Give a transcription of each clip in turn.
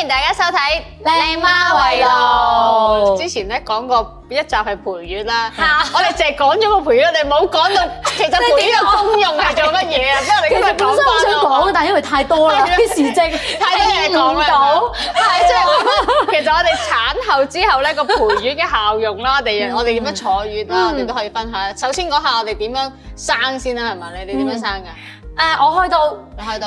歡迎大家收睇《靚媽為友》。之前咧講過一集係陪月啦，我哋淨係講咗個陪月，你唔好講到其實陪月嘅功用係做乜嘢啊？即係我哋本身好想講，但係因為太多啦，啲時政講唔到，係即係。其實我哋產後之後咧個陪月嘅效用啦，我哋我哋點樣坐月啦，我哋都可以分享。首先講下我哋點樣生先啦，係咪？你哋點樣生噶？誒，我開刀，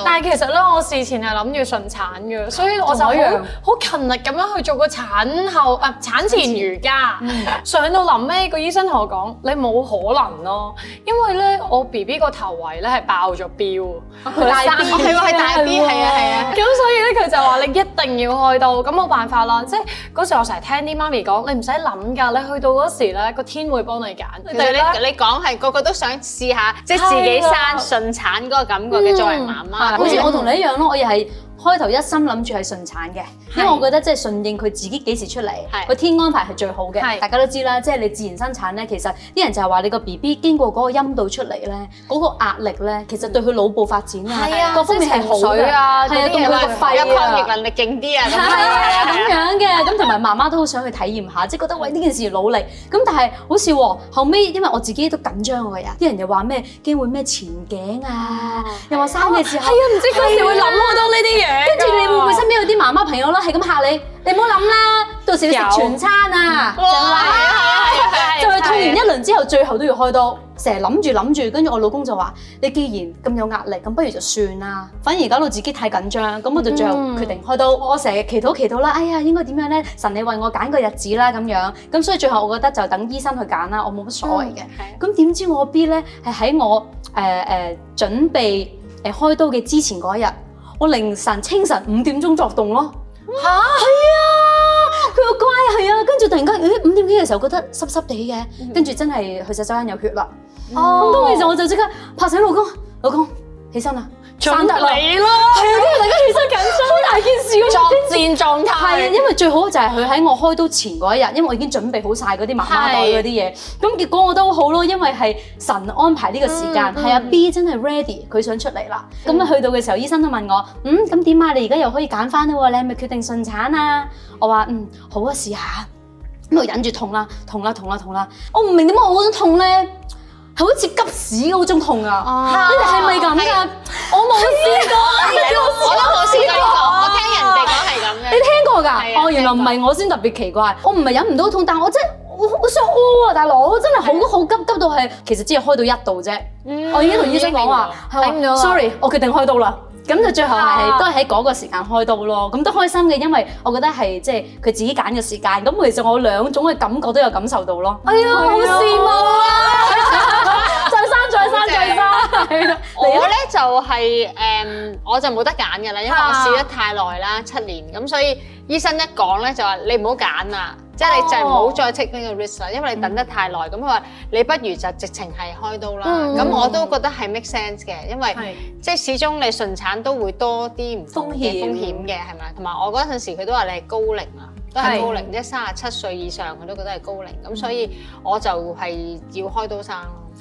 但係其實咧，我事前係諗住順產嘅，所以我就好好勤力咁樣去做個產後誒產前瑜伽。上到臨尾，個醫生同我講：你冇可能咯，因為咧我 B B 個頭圍咧係爆咗標，佢生係大 B，係啊係啊。咁所以咧，佢就話你一定要開刀，咁冇辦法啦。即係嗰時我成日聽啲媽咪講：你唔使諗㗎，你去到嗰時咧，個天會幫你揀。其實你你講係個個都想試下，即係自己生順產。個感覺嘅，作為媽媽，好似我同你一樣咯，我又係。開頭一心諗住係順產嘅，因為我覺得即係順應佢自己幾時出嚟，個的天安排係最好嘅。的大家都知啦，即、就、係、是、你自然生產咧，其實啲人就係話你個 B B 經過嗰個陰道出嚟咧，嗰、那個壓力咧，其實對佢腦部發展的、就是、啊，各方面係好啊，係啊，同埋個肺啊，抗逆能力勁啲啊，咁樣嘅，咁同埋媽媽都好想去體驗下，即、就、係、是、覺得喂呢件事努力，咁但係好似、哦、後尾因為我自己都緊張嘅呀，啲人又話咩機會咩前頸啊，的又話生嘅、啊哎、時候係啊，唔知佢哋會諗好多呢啲嘢。跟住你會唔會身邊有啲媽媽朋友咯，係咁嚇你，你唔好諗啦，到時要食全餐啊，就係痛完一輪之後，最後都要開刀，成日諗住諗住，跟住我老公就話：你既然咁有壓力，咁不如就算啦，反而搞到自己太緊張，咁我就最後決定開刀。嗯、我成日祈禱祈禱啦，哎呀，應該點樣咧？神，你為我揀個日子啦咁樣。咁所以最後我覺得就等醫生去揀啦，我冇乜所謂嘅。咁點、嗯、知我 B 咧係喺我誒誒、呃呃呃、準備誒開刀嘅之前嗰一日。我凌晨清晨五點鐘作動咯，嚇，係啊，佢好乖啊，係啊，跟住突然間，誒五點幾嘅時候覺得濕濕地嘅，跟住真係去洗手間有血啦，咁當其時我就即刻拍醒老公，老公起身啦。生你咯，係啊！因為 大家全身緊張，好 大件事嘅，作戰狀態。係啊，因為最好就係佢喺我開刀前嗰一日，因為我已經準備好晒嗰啲媽媽袋嗰啲嘢。咁的結果我都好咯，因為係神安排呢個時間。係啊、嗯嗯，B 真係 ready，佢想出嚟啦。咁啊、嗯，去到嘅時候，醫生都問我：嗯，咁點啊？你而家又可以揀翻啦喎，你係咪決定順產啊？我話：嗯，好啊，試下。咁我忍住痛啦，痛啦，痛啦，痛啦！我唔明點解我咁痛咧？係好似急屎嗰種痛啊！你哋係咪咁啊？我冇試過，我都冇試過。我聽人哋講係咁嘅，你聽過㗎？哦，原來唔係我先特別奇怪，我唔係忍唔到痛，但係我真我我想屙啊！大佬，我真係好好急急到係，其實只係開到一度啫。我已經同醫生講話，係，頂唔住啦。Sorry，我決定開刀啦。咁就最後係都係喺嗰個時間開刀咯。咁都開心嘅，因為我覺得係即係佢自己揀嘅時間。咁其實我兩種嘅感覺都有感受到咯。哎呀，我好羨慕啊！就是、 我咧就係、是、誒、嗯，我就冇得揀㗎啦，因為我試得太耐啦，七年咁，所以醫生一講咧就話你唔好揀啦，即係、哦、你就係唔好再 take 呢個 risk 啦，因為你等得太耐咁，佢話、嗯、你不如就直情係開刀啦。咁、嗯、我都覺得係 make sense 嘅，因為即係是 始終你順產都會多啲唔同嘅風險嘅係咪？同埋風險 我嗰陣時佢都話你係高齡啊，都係高齡，即係三十七歲以上，佢都覺得係高齡，咁所以我就係要開刀生。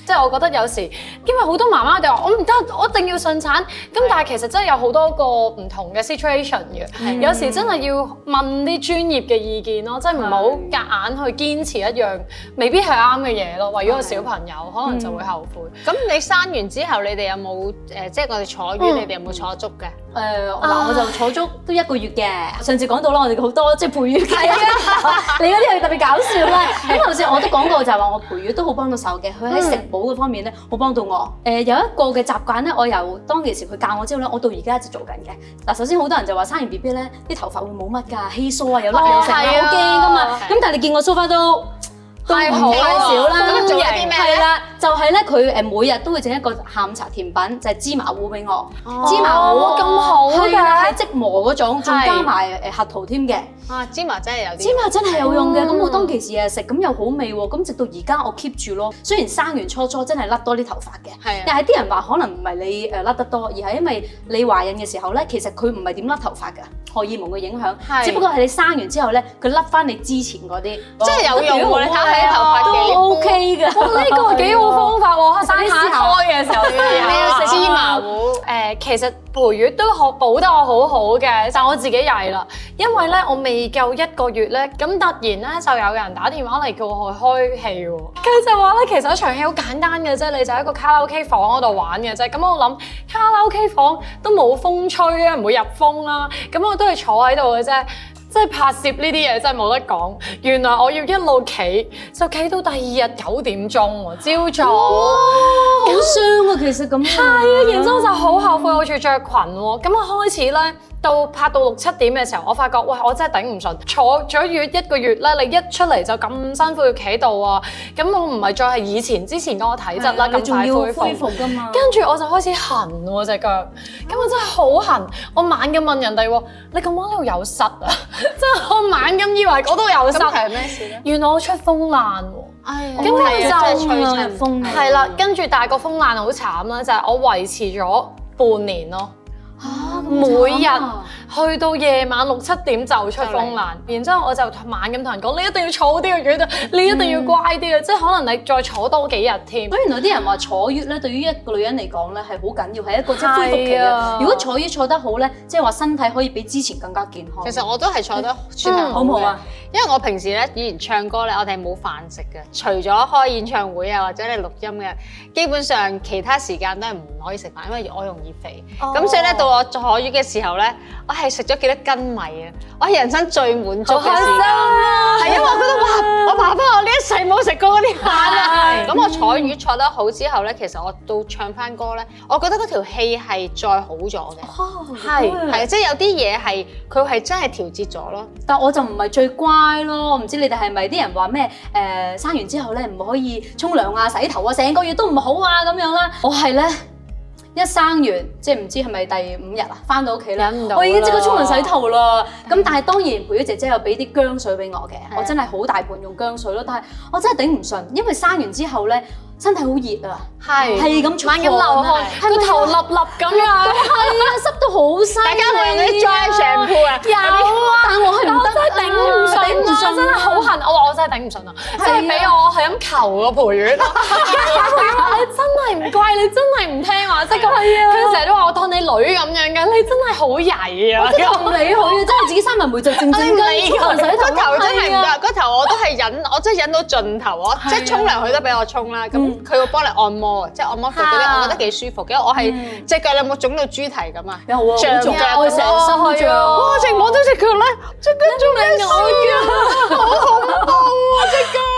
即係我覺得有時，因為好多媽媽就話我唔得，我一定要順產。咁的但係其實真係有好多個唔同嘅 situation 嘅，的有時真係要問啲專業嘅意見咯。的即係唔好夾硬去堅持一樣未必係啱嘅嘢咯。為咗個小朋友，的可能就會後悔。咁的你生完之後，你哋有冇誒、呃？即係我哋坐月，你哋有冇坐足嘅？嗯嗯誒嗱、呃，我就坐足都一個月嘅。上次講到啦，我哋好多即係陪月嘅， 你嗰啲係特別搞笑啦。咁頭先我，我都講過，就係話我陪月都好幫到手嘅。佢喺食補嗰方面咧，好幫到我。誒、呃、有一個嘅習慣咧，我由當其時佢教我之後咧，我到而家一直做緊嘅。嗱，首先好多人就話生完 B B 咧，啲頭髮會冇乜㗎，稀疏啊，又甩又剩啊，好驚㗎嘛。咁的但係你見我梳翻都～太好唔少啦，啲咩係啦，就係咧佢誒每日都會整一個下午茶甜品，就係、是、芝麻糊俾我。哦、芝麻糊咁好嘅，係即的磨嗰種，仲是加埋誒核桃添嘅。啊，芝麻真係有芝麻真係有用嘅，咁、嗯、我當其時誒食，咁又好味喎。咁直到而家我 keep 住咯。雖然生完初初真係甩多啲頭髮嘅，的但係啲人話可能唔係你誒甩得多，而係因為你懷孕嘅時候咧，其實佢唔係點甩頭髮嘅。荷爾蒙嘅影響，是只不過係你生完之後咧，佢甩返你之前嗰啲，即係、哦嗯、有用喎。你睇下啲頭髮幾，都 OK 㗎。我呢、哦呢個幾好的方法喎的、哦，生下胎嘅時候你， 你要食芝麻糊。 呃、其實。陪月都學補得我好好嘅，但我自己曳啦，因為咧我未夠一個月咧，咁突然咧就有人打電話嚟叫我去開戲、哦，佢就話咧其實場戲好簡單嘅啫，你就喺個卡拉 OK 房嗰度玩嘅啫。咁我諗卡拉 OK 房都冇風吹啊，唔會入風啦、啊。咁我都係坐喺度嘅啫。即係拍攝呢啲嘢真係冇得講，原來我要一路企，就企到第二日九點鐘，朝早哇那好傷啊！其實咁，係啊，然之後就好後悔、嗯、我著著裙喎，咁我開始呢。到拍到六七點嘅時候，我發覺哇，我真係頂唔順，坐咗月一個月咧，你一出嚟就咁辛苦要企度啊！咁我唔係再係以前之前嗰個體質啦，咁對麼快恢復噶嘛？跟住我就開始痕喎隻腳，咁我真係好痕。我猛咁問人哋喎，你咁啱呢度有濕啊？ 真係我猛咁以為嗰度有濕，嗯、事原來我出風爛喎。咁係真係風嘅，啦。跟住大個風爛好慘啦，就係、是、我維持咗半年咯。每日去到夜晚六七點就出風難，然之後我就晚咁同人講：你一定要坐啲嘅月度，你一定要乖啲嘅，即係可能你再坐多幾日添。所以原來啲人話坐月咧，對於一個女人嚟講咧係好緊要，係一個即係恢復期啊。如果坐月坐得好咧，即係話身體可以比之前更加健康。其實我都係坐得好唔好啊？因為我平時咧以前唱歌咧，我哋係冇飯食嘅，除咗開演唱會啊或者你錄音嘅，基本上其他時間都係唔可以食飯，因為我容易肥。咁所以咧到我坐坐月嘅時候咧，我係食咗幾多斤米啊！我係人生最滿足嘅時間，係、啊、因為我覺得哇，我爸爸，我呢一世冇食過嗰啲飯啊！咁是我坐月坐得好之後咧，其實我到唱翻歌咧，我覺得嗰條氣係再好咗嘅，係係即係有啲嘢係佢係真係調節咗咯。但我就唔係最乖咯，唔知你哋係咪啲人話咩？誒、呃、生完之後咧，唔可以沖涼啊、洗頭啊，成個月都唔好啊咁樣啦。我係咧。一生完即係唔知係咪第五日啊，返到屋企咧，我已經即刻沖涼洗頭啦。咁、嗯、但係當然培咗姐姐有俾啲薑水俾我嘅，的我真係好大半用薑水咯。但係我真係頂唔順，因為生完之後咧。身體好熱啊，係係咁流緊汗，個頭粒粒咁啊，濕到好犀利，大家冇用嗰啲 dry shampoo 啊，有啊，但係我係真係頂唔順啊，真係好痕，我話我真係頂唔順啊，即係俾我係咁求個陪月，陪月你真係唔乖，你真係唔聽話啫，佢成日都話我當你女咁樣嘅，你真係好曳啊，我真係同你好嘅，即係自己三文魚就靜靜咁，個頭真係唔得，個頭我都係忍，我真係忍到盡頭，我即係沖涼佢都俾我沖啦，咁。佢會幫你按摩即係按摩到嗰啲，啊、我覺得幾舒服嘅。因為我係隻、嗯、腳有冇腫到豬蹄咁、哦、啊？有喎，上腳有個腫，哦、哇！成部都隻腳咧，隻腳仲要腫啊，好恐怖、哦、啊隻腳。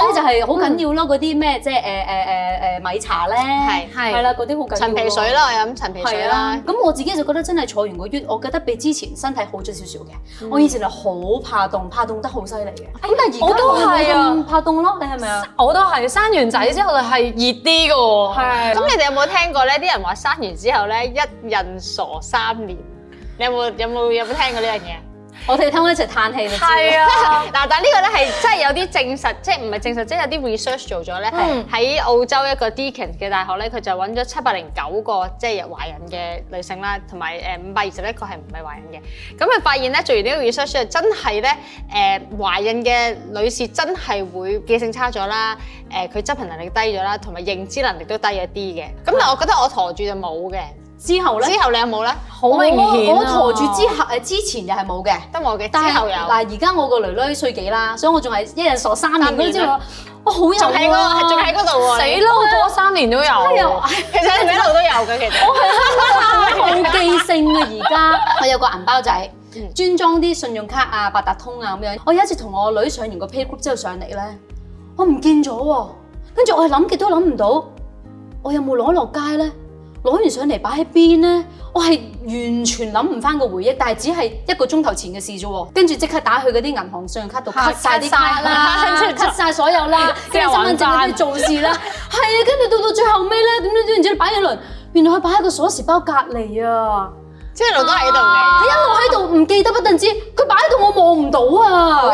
所以就係好緊要咯，嗰啲咩即係誒誒誒誒米茶咧，係係啦，嗰啲好緊要。陳皮水啦，我飲陳皮水啦。咁我自己就覺得真係坐完個月，我覺得比之前身體好咗少少嘅。我以前就好怕凍，怕凍得好犀利嘅。咁但係而家我都係啊，怕凍咯，你係咪啊？我都係生完仔之後係熱啲嘅。係。咁你哋有冇聽過咧？啲人話生完之後咧，一孕傻三年，你有冇有冇有冇聽過呢樣嘢？我哋聽嗰陣時嘆氣咯是、啊， 係啊，嗱，但係呢個咧係真係有啲證實，即係唔係證實，即係有啲 research 做咗咧，喺澳洲一個 Deakin 嘅大學咧，佢就揾咗七百零九個即係懷孕嘅女性啦，同埋誒五百二十一個係唔係懷孕嘅，咁佢發現咧，做完呢個 research 真係咧誒懷孕嘅女士真係會記性差咗啦，誒佢執行能力低咗啦，同埋認知能力都低咗啲嘅，咁但係我覺得我陀住就冇嘅。之後咧，之後你有冇咧？好明顯，我我陀住之後誒，之前又係冇嘅，得我嘅。之後有嗱，而家我個囡囡歲幾啦？所以我仲係一日傻三年都之後，我好有，仲喺嗰，仲喺嗰度喎。死咯，我三年都有，係啊，其實喺邊度都有嘅，其實我係好記性啊！而家我有個銀包仔，專裝啲信用卡啊、八達通啊咁樣。我有一次同我女上完個 paper 之後上嚟咧，我唔見咗喎，跟住我係諗極都諗唔到，我有冇攞落街咧？攞完上嚟擺喺邊咧？我係完全諗唔翻個回憶，但係只係一個鐘頭前嘅事啫喎。跟住即刻打去嗰啲銀行信用卡度，cut 曬曬啦，cut 曬所有啦，跟住三蚊紙去做事啦。係啊，跟住到到最後尾呢，點知點，然之後擺咗輪，原來佢擺喺個鎖匙包隔離啊。在這佢一路都喺度嘅，係啊，我喺度唔記得，不單止佢擺喺度，我望唔到啊。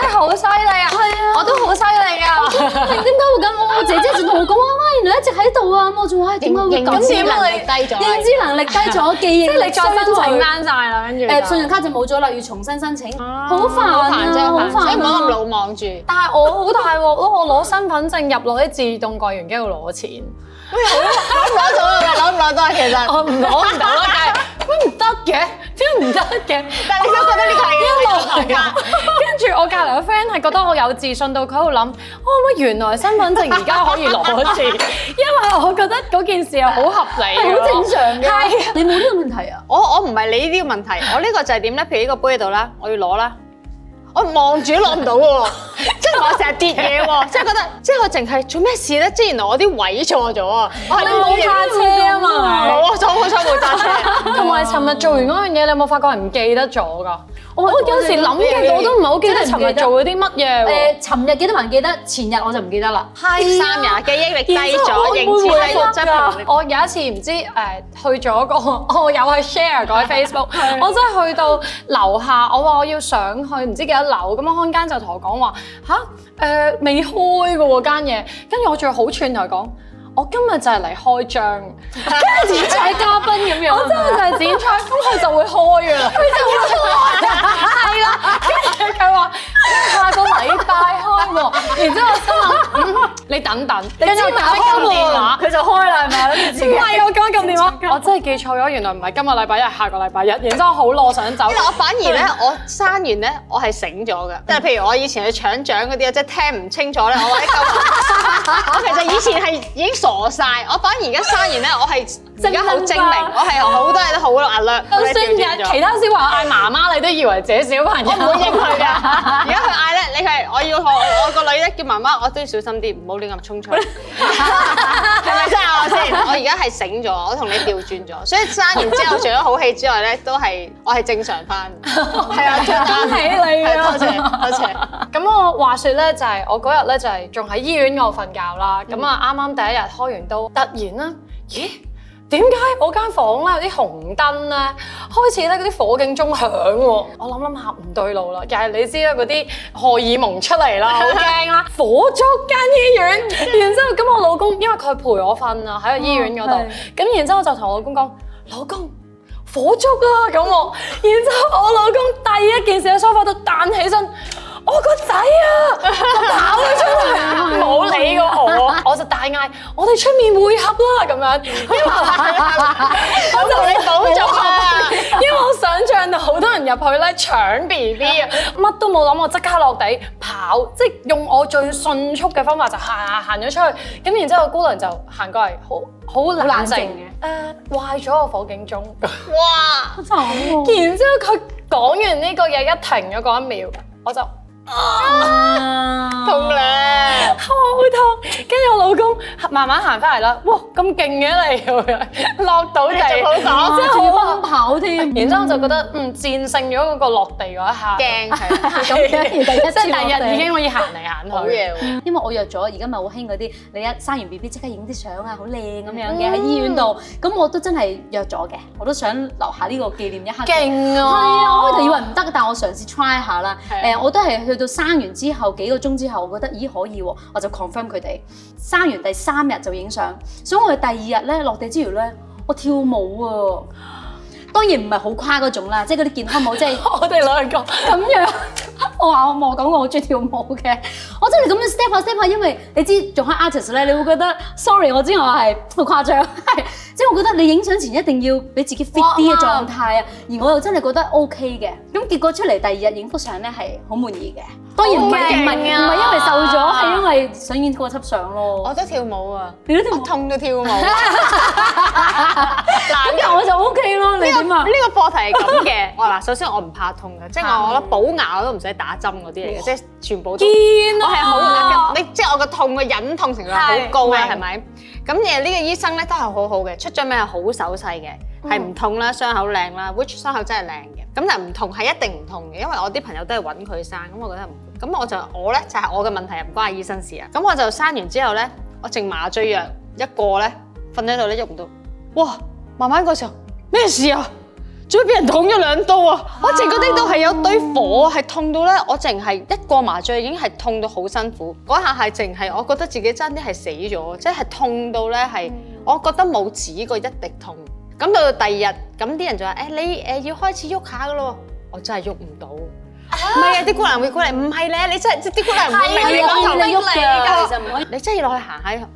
真係好犀利啊！係啊！我都好犀利啊！點解會咁？我姐姐同我講啊嘛，原來一直喺度啊！我仲話點解會咁？認知能力低咗，認知能力低咗，記憶衰退啦，跟住誒，信用卡就冇咗啦，要重新申請，好煩啊！好煩，所以唔好咁魯莽住。但係我好大鑊，我攞身份證入落啲自動櫃員機度攞錢，攞唔攞到啊？攞唔攞到？其實我唔攞唔攞，但係都唔得嘅，真唔得嘅。但係點解覺得呢個啲冇係？我隔離個 friend 係覺得我有自信到佢喺度諗，我、哦、乜原來身份證而家可以攞一次， 因為我覺得嗰件事係好合理，好 正常嘅。係的， 你冇呢個問題啊？我我唔係你呢個問題，我呢個就係點咧？譬如呢個杯喺度啦，我要攞啦，我望住都攞唔到喎。 即係我成日跌嘢喎，即係覺得即係我淨係做咩事咧？即係原來我啲位錯咗啊！你冇揸車啊嘛？冇啊，好彩冇揸車。同埋尋日做完嗰樣嘢，你有冇發覺係唔記得咗㗎？我有時諗嘅我都唔係好記得尋日做咗啲乜嘢。誒，尋日記得還記得，前日我就唔記得啦。係三日記憶力低咗，認知力低咗。我有一次唔知誒去咗個，我有去 share 喺 Facebook。我真係去到樓下，我話我要上去唔知幾多樓咁，我間就同我講話。吓，誒，未、呃、開過嗰間嘢，跟住我仲好串同佢講。我今日就係嚟開張，跟住剪彩嘉賓咁樣，我真係就係剪彩，咁佢就會開噶啦，佢就會開，係啦，跟住佢話下個禮拜開，然之後心諗，你等等，你知打咩電話，佢就開啦係咪？唔係我講咁電話，我真係記錯咗，原來唔係今日禮拜一，下個禮拜一，然之後好攞想走，因為我反而咧，我生完咧，我係醒咗㗎，即係譬如我以前去搶獎嗰啲啊，即係聽唔清楚咧，我話你咁，我其實以前係已經。傻曬！我反而而家生完咧，我係而家好精明，我係好多嘢都好阿叻，我係調變咗。其他小朋友嗌媽媽，你都以為自己小朋友，我唔會應佢嘅。而家佢嗌咧，你係我要學我個女咧叫媽媽，我都要小心啲，唔好亂咁沖出去，係咪真係先啊？我而家係醒咗，我同你調轉咗，所以生完之後除咗好戲之外咧，都係我係正常翻，係啊，睇你咯，阿姐。咁我話説咧，就係我嗰日咧，就係仲喺醫院嗰度瞓覺啦。咁啊、嗯，啱啱第一日開完刀，突然啦，咦？點解我間房咧有啲紅燈咧？開始咧嗰啲火警鐘響喎。我諗諗下，唔對路啦。又係你知啦，嗰啲荷爾蒙出嚟啦，驚啦、 啊，火燭間醫院，然之後咁，我老公因為佢陪我瞓啊，喺個醫院嗰度。咁、哦、然之後我就同我老公講：老公，火燭啊！咁我。然之後我老公第一件事喺沙發度彈起身。我個仔啊，就跑咗出去，冇理我， 我就大嗌：我哋出面會合啦咁樣。因為我， 我想象到好多人入去咧搶 B B 啊，乜 都冇諗，我即刻落地跑，即係用我最迅速嘅方法就行行咗出去。咁然之後，姑娘就行過嚟，好好冷靜嘅。誒、呃，壞咗個火警鐘。哇！ 好慘啊！然之後佢講完呢個嘢一停咗嗰一秒，我就。啊，啊痛咧了，好，好痛！跟住我老公慢慢行翻嚟啦，哇，咁勁嘅你落 到地。好爽。然之後我就覺得，嗯，戰勝咗嗰個落地嗰一下，驚係咁，即係第二日 已經可以行嚟行去。嘢 因為我約咗，而家咪好興嗰啲，你一生完 B B 即刻影啲相啊，好靚咁樣嘅喺、嗯、醫院度。咁我都真係約咗嘅，我都想留下呢個紀念一刻。勁啊！係啊，我開頭以為唔得，但我嘗試 try 下啦。誒、啊呃，我都係去到生完之後幾個鐘之後，我覺得咦可以喎、啊，我就 confirm 佢哋。生完第三日就影相，所以我嘅第二日咧落地之餘咧，我跳舞啊！當然唔係好誇嗰種啦，即係嗰啲健康舞，即係我哋兩個咁樣。 我話我冇講我好鍾意跳舞嘅， 我真係咁樣 step 下 step 下，因為你知做開 artist 咧，Art ist，你會覺得 sorry，我之前話係好誇張。 即係我覺得你影相前一定要俾自己 fit 啲嘅狀態啊，而我又真係覺得 OK 嘅。咁結果出嚟第二日影幅相咧係好滿意嘅。當然唔係因為唔係因為瘦咗，係因為想影嗰輯相咯。我都跳舞啊，你都跳舞？我痛到跳舞。嗱，咁就我就 OK 咯。你點啊？呢個課題係咁嘅。嗱，首先我唔怕痛嘅，即係我覺得補牙我都唔使打針嗰啲嚟嘅，即係全部堅啊。我係好你即係我個痛個忍痛程度好高啊，係咪？咁嘅呢個醫生咧都係好好嘅，出咗名係好手勢嘅，係唔、嗯、痛啦，傷口靚啦，which 傷口真係靚嘅。咁但係唔同係一定唔痛嘅，因為我啲朋友都係揾佢生，咁我覺得唔，咁我就我咧就係、是、我嘅問題又唔關醫生事啊。咁我就生完之後咧，我剩麻醉藥一過咧，瞓喺度咧喐唔到，哇！慢慢嗰時候咩事啊？仲會俾人捅咗兩刀啊！我淨係嗰啲都係有堆火，係痛到咧，我淨係一個麻醉已經係痛到好辛苦。嗰下係淨係我覺得自己真啲係死咗，即係痛到咧係，我覺得冇止過一滴痛。咁到到第二日，咁啲人就話，誒你誒要開始喐下噶咯，我真係喐唔到。唔係啊，啲姑娘會過嚟，唔係咧，你真係啲姑娘唔可以你攔頭你喐嘅，你真係要落去行下。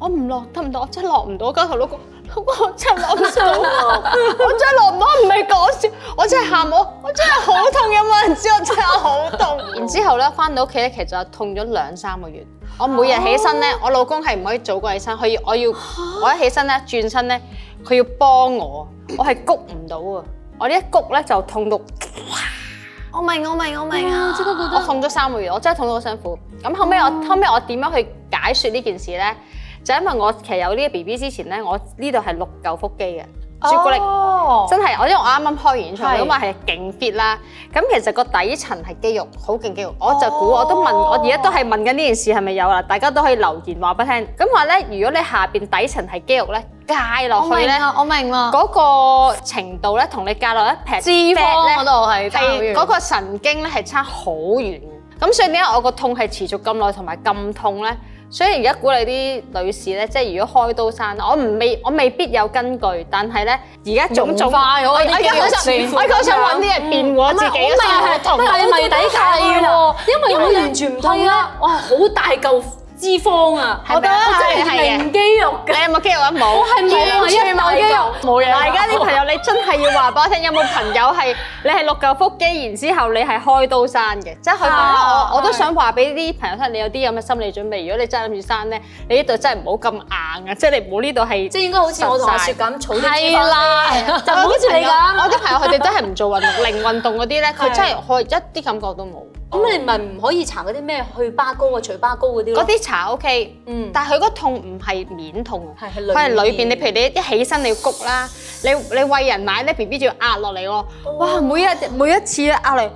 我唔落得唔得？真係落唔到，交頭攞骨。我真係攞唔到我，我真係攞唔到，唔係講笑，我真係喊我，我真係好痛，有冇人知我真係好痛？痛 然之後咧，翻到屋企咧，其實我痛咗兩三個月，我每日起身咧，啊、我老公係唔可以早過起身，佢要我要我一起身咧，轉身咧，佢要幫我，我係谷唔到啊，我呢一谷咧就痛到，哇我明我明我明啊，我，我痛咗三個月，我真係痛到好辛苦。咁後尾，嗯、後我後尾我點樣去解説呢件事咧？就因為我其實有呢個 B B 之前咧，我呢度係六嚿腹肌嘅朱古力，哦、真係我因為我啱啱開完演唱會嘛，係是勁 fit 啦。咁其實個底層係肌肉，好勁肌肉。我就估、哦、我都問，我而家都係問緊呢件事係咪有啦？大家都可以留言話俾聽。咁話咧，如果你下邊底層係肌肉咧，戒落去咧，我明啦，嗰個程度咧，同你隔落一撇脂肪嗰度係係嗰個神經咧係差好遠。咁所以點解我個痛係持續咁耐同埋咁痛咧？所以而家鼓勵啲女士呢，即係如果開刀生，我唔未，我未必有根據，但係呢，而家種種化咗我已經完全唔同啲嘢，變換自己嘅心態啦。因為完全唔同啦，哇，好大嚿！脂肪啊，係咪啊？真係零肌肉嘅，你有冇肌肉啊？冇，我係完全冇肌肉，冇嘢。嗱，而家啲朋友，你真係要話俾我聽，有冇朋友係你係六嚿腹肌，然之後你係開刀生嘅？即係我，我都想話俾啲朋友聽，你有啲咁嘅心理準備。如果你真係諗住生咧，你呢度真係唔好咁硬啊，即係你唔好呢度係即係應該好似我同阿雪咁，儲啲脂肪。係啦，就唔好似你咁。我啲朋友佢哋真係唔做運動，零運動嗰啲咧，佢真係可以一啲感覺都冇。咁你咪唔可以搽嗰啲咩去疤膏啊、除疤膏嗰啲嗰啲搽 O K，嗯，但係佢個痛唔係面痛，係佢係裏邊，你譬如你一起身你要谷啦噓，你你喂人奶咧，B B 就要壓落嚟喎。噢哇，每一每一次咧、啊、壓嚟。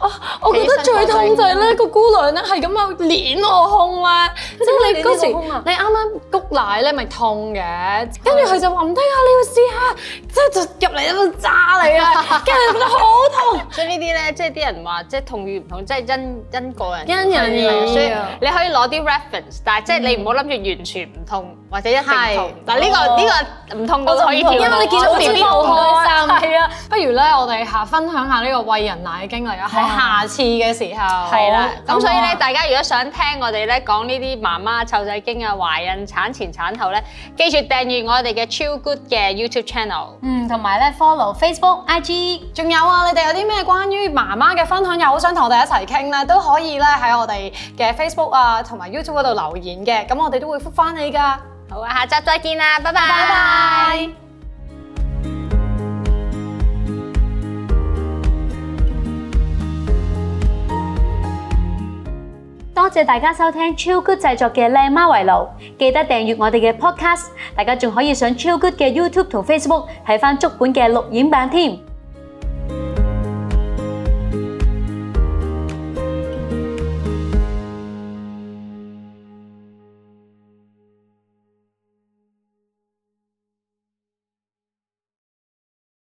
哦，我覺得最痛就係咧個姑娘咧係咁樣捏我胸啦，即係以以你嗰時，你啱啱谷奶咧咪痛嘅，跟住佢就話唔得啊，你要試下，即係就入嚟都揸你啊，跟住覺得好痛。 所以呢啲咧，即係啲人話即係痛與唔痛，即係因因個人因人而異啊。所以你可以攞啲 reference，但係即係你唔好諗住完全唔痛。或者一整套，嗱呢個呢個唔痛到可以因為你見到點啲好開心，係啊！不如咧，我哋嚇分享下呢個餵人奶嘅經歷啊，喺下次嘅時候，係啦。咁所以咧，大家如果想聽我哋咧講呢啲媽媽湊仔經啊、懷孕、產前、產後咧，記住訂閱我哋嘅超 good 嘅 YouTube channel，嗯，同埋咧 follow Facebook、IG，仲有啊，你哋有啲咩關於媽媽嘅分享又好想同我哋一齊傾咧，都可以咧喺我哋嘅 Facebook 啊同埋 YouTube 嗰度留言嘅，咁我哋都會覆翻你噶。好啊，下集再見啦，拜拜。拜拜。多謝大家收聽超 good 製作嘅《靚媽圍爐》，記得訂閱我哋嘅 podcast，大家仲可以上超 good 嘅 YouTube 同 Facebook 睇翻足本嘅錄影版添。